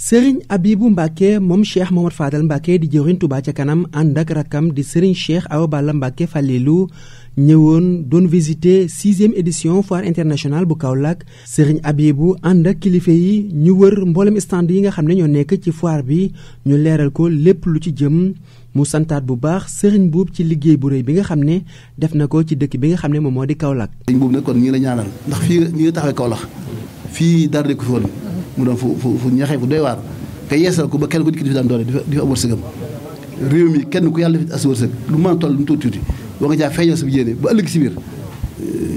sëriñ abibu mbàkke moom cheikh Momad Fadal mbàkke di jëwriñ Touba ca kanam ànd ak rakkam di sëriñ cheikh Awa Balla mbàkke lu ñëwoon doon visité sixième édition foire internationale bu Kaolack sëriñ abibu ànd ak kilifa yi ñu wër mboolem stand yi nga xam ne ñoo nekk ci foire bi ñu leeral ko lépp lu ci jëm mu santaat bu baax sëriñ buub ci liggéey bu rëy bi nga xam ne def na ko ci dëkk bi nga xam ne moom moo di Kaolack sëriñ buub nag kon la ñaanal ndax fii ñii la taxawee fii dara ko fi mu doon fu fu ñaxee fu doy waar te yeesal ko ba kenn ku dikk di fi daan doole di fi am réew mi kenn ku yàlla fi as wërsëg lu mën a toll lu mu tuuti tuuti boo nga caa feeñal sa yéene biir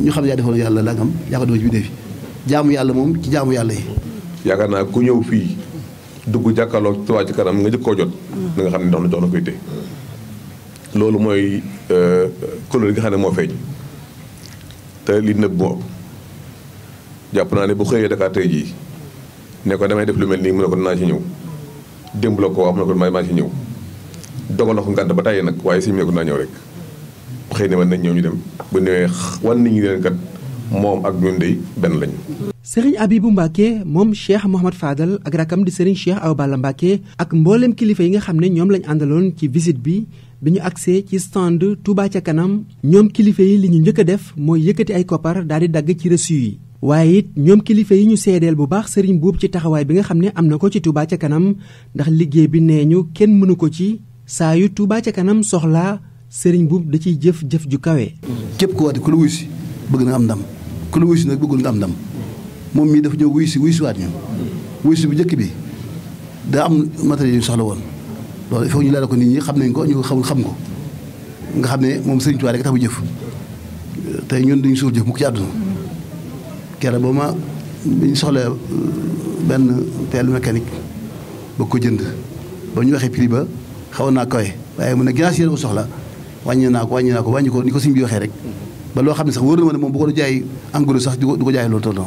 ñu xam ne yaa defoon yàlla la ngam yaa ko doon jaamu yàlla moom ci jaamu yàlla yi yaakaar naa ku ñëw fii dugg jàkkaarloo ci Ca Kanam nga jëkk koo jot da nga xam ne dox na jox na koy té loolu mooy couleur yi nga xam ne moo feeñ te li nëbb moo jàpp naa ne bu xëyee Dakar tey jii ne ko damay def lu mel nii mu ne ko dinaa ci ñëw démb la ko wax mu ne ko maa ci ñëw dogal na ko ngànt ba tàyyi nag waaye si mu ne ko dinaa ñëw na man nañ ñëw ñu dem bu newee wan nañu leen kat moom ak ñun de benn lañu. sëriñ Abibu Mbacke moom cheikh Mouhamad Fadal ak rakam di sëriñ cheikh aw bala Mbacke ak mbooleem kilifa yi nga xam ne ñoom lañ àndaloon ci visite bi bi ñu agsee ci stand Touba ca kanam ñoom kilifa yi li ñu njëkk def mooy yëkkati ay koppar daal di dagg ci reçu yi. waaye it ñoom kilifa yi ñu seedeel bu baax sëriñ buub ci taxawaay bi nga xam ne am na ko ci Touba ca kanam ndax liggéey bi nee ñu kenn mënu ko ci saa yu tubaa ca kanam soxla sëriñ buub da ciy jëf jëf ju kawe. képp ko waate ku la wuyu bëgg na am ndam ku la wuyu nag bëggul nga am ndam moom mii dafa ñëw wuyu si wuyu si waat ñu wuyu bu njëkk bi da am matériel yu soxla woon loolu il faut ñu laal ko nit ñi xam nañ ko ñu xamul xam ko nga xam ne moom sëriñ Touba rek tax bu jëf tey ñun duñu suur kere ba ma bi ñu soxla euh, benn pelle mécanique ba ko jënd ba ñu waxee prix ba xaw naa koy waaye mu ne ginnaaw si yéen soxla wàññi naa ko wàññi naa ko wàññi ko ni ko suñ bi waxee rek ba loo xam ne sax wóor moom ko jaay engrais sax du ko jaay loolu tolloo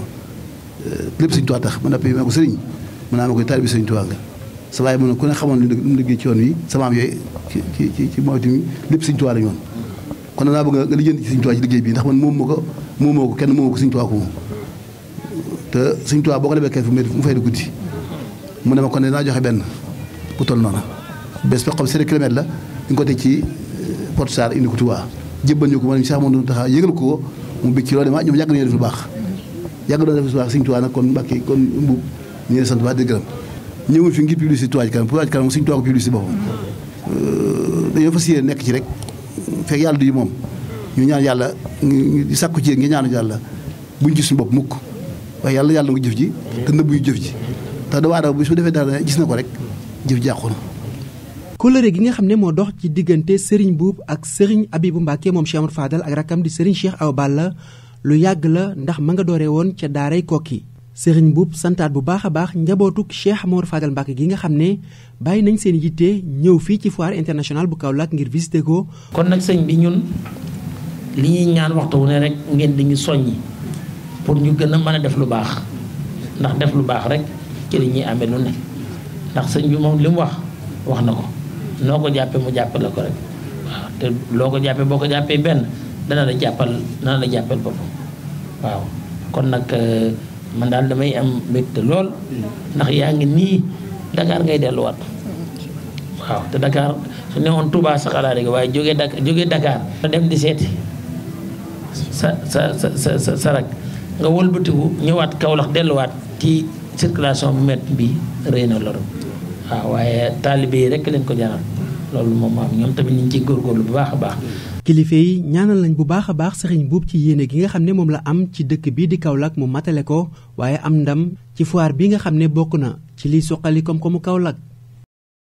euh, lépp suñ tax ma noppi ma ko sëriñ mu naa ma koy taalibi sëriñ tuwaa nga sa waaye mu ne ku ne xamoon lu liggéey ci yoon wi samaam yooyu ci ci la ñu woon kon danaa bëgg nga lijjanti ci liggéey bi ndax man moom moo ko moom moo ko kenn moom moo ko suñ tuwaa ko moom te Sëñ Tuubaa boo ko lebee kees bu mu fay di guddi mu ne ma kon ne naa joxe benn bu toll noonu bés ba xam sept kilomètres la ñu ko teg ci euh, Porte Sarr indi ko Tuubaa jébbal ñu ko ma ne sax yëgal ko mu ci loolu ma baax yàgg nañu def lu baax Sëñ Tuubaa kon Mbàkke kon mbub ñu ngi sant baax di fi ngir publicité si Ca Kanam Touba Ca Kanam Sëñ Tuubaa ko publicité boppam euh, dañoo fas yéene nekk ci rek fekk yàlla du moom ñu ñaan yàlla di sàkku ci ngeen ñaanu yàlla buñ ci suñu bopp mukk waaye yàlla yàlla nga jëf ji te nëbbuñu jëf ji te doomu aadama bi su defee dara gis na ko rek jëf ji àqoon kóllëre gi nga xam ne moo dox ci diggante Serigne Buub ak Serigne Abibu Mbàkke moom Cheikh Amadou Fadal ak rakkam di Serigne Cheikh Awa la lu yàgg la ndax ma nga doore woon ca daaray kokki sëriñ Buub santaat bu baax a baax njabootu Cheikh Amadou Fadal Mbàkke gi nga xam ne bàyyi nañ seen yitte ñëw fii ci foire internationale bu kaw Kaolack ngir visité ko kon sëñ bi ñun li ñaan waxtu ne rek ngeen dañu soññi pour ñu gën a mën a def lu baax ndax def lu baax rek ci li ñuy amee lu ne ndax sëñ bi moom li mu wax wax na ko noo ko jàppee mu jàppal la ko rek waaw te loo ko jàppee boo ko jàppee benn dana la jàppal dana la jàppal boppam waaw kon nag euh, man daal damay am mbégte lool ndax yaa ngi nii Dakar ngay delluwaat waaw te Dakar su ne woon sa sax laa dégg waaye jóge Dakar jógee Dakar dem di seeti sa sa sa sa sa rak nga wëlbatiku ñëwaat kawlax delluwaat ci circulation bu métti bi rëy na loru waaw ah, waaye taalibe yi rek leen ko jaral loolu moom am ñoom tamit ñu ngi ciy góorgóorlu bu baax a baax. kilifa yi ñaanal nañ bu baax a baax sëriñ buub ci yéene gi nga xam ne moom la am ci dëkk bii di Kaolack mu matale ko waaye am ndam ci foire bi nga xam ne bokk na ci liy suqali koom-koomu Kaolack.